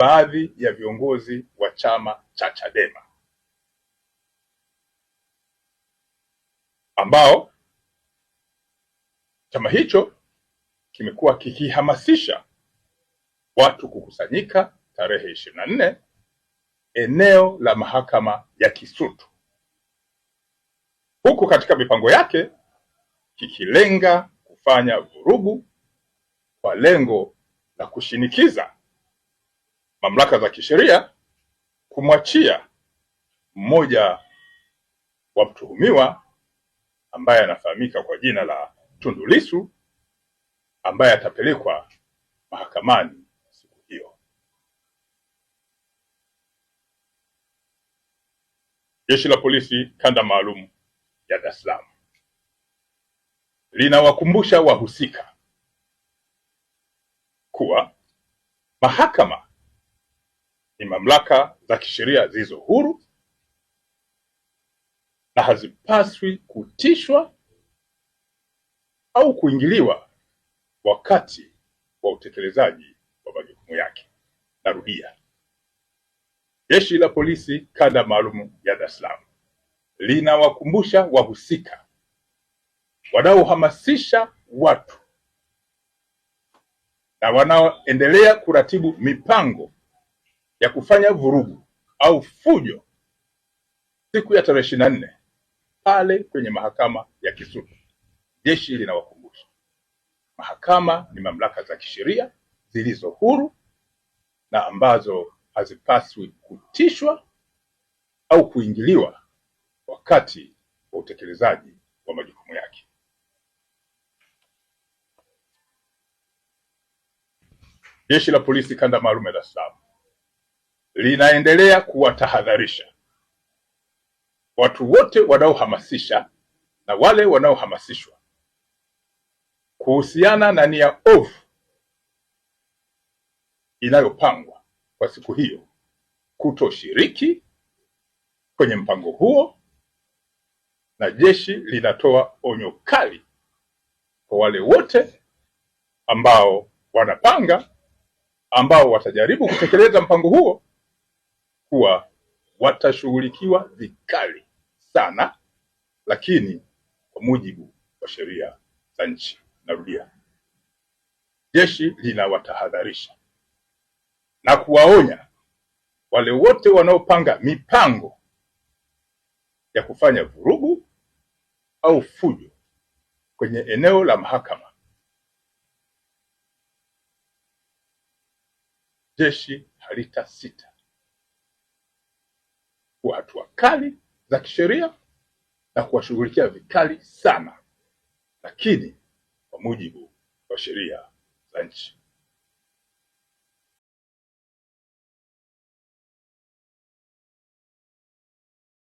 baadhi ya viongozi wa chama cha Chadema ambao chama hicho kimekuwa kikihamasisha watu kukusanyika tarehe ishirini na nne eneo la mahakama ya Kisutu, huku katika mipango yake kikilenga kufanya vurugu kwa lengo la kushinikiza mamlaka za kisheria kumwachia mmoja wa mtuhumiwa ambaye anafahamika kwa jina la Tundu Lissu ambaye atapelekwa mahakamani siku hiyo. Jeshi la Polisi kanda maalum ya Dar es Salaam linawakumbusha wahusika kuwa mahakama mamlaka za kisheria zilizo huru na hazipaswi kutishwa au kuingiliwa wakati wa utekelezaji wa majukumu yake. Narudia, Jeshi la Polisi kanda maalum ya Dar es Salaam linawakumbusha wahusika wanaohamasisha watu na wanaoendelea kuratibu mipango ya kufanya vurugu au fujo siku ya tarehe ishirini na nne pale kwenye mahakama ya Kisutu. Jeshi linawakumbusha mahakama ni mamlaka za kisheria zilizo huru na ambazo hazipaswi kutishwa au kuingiliwa wakati wa utekelezaji wa majukumu yake. Jeshi la Polisi kanda maalum ya Dar es Salaam linaendelea kuwatahadharisha watu wote wanaohamasisha na wale wanaohamasishwa kuhusiana na nia ovu inayopangwa kwa siku hiyo, kutoshiriki kwenye mpango huo, na jeshi linatoa onyo kali kwa wale wote ambao wanapanga, ambao watajaribu kutekeleza mpango huo kuwa watashughulikiwa vikali sana lakini kwa mujibu wa sheria za nchi. Narudia, jeshi linawatahadharisha na kuwaonya wale wote wanaopanga mipango ya kufanya vurugu au fujo kwenye eneo la mahakama. Jeshi halitasita kali za kisheria na kuwashughulikia vikali sana, lakini kwa mujibu wa sheria za nchi.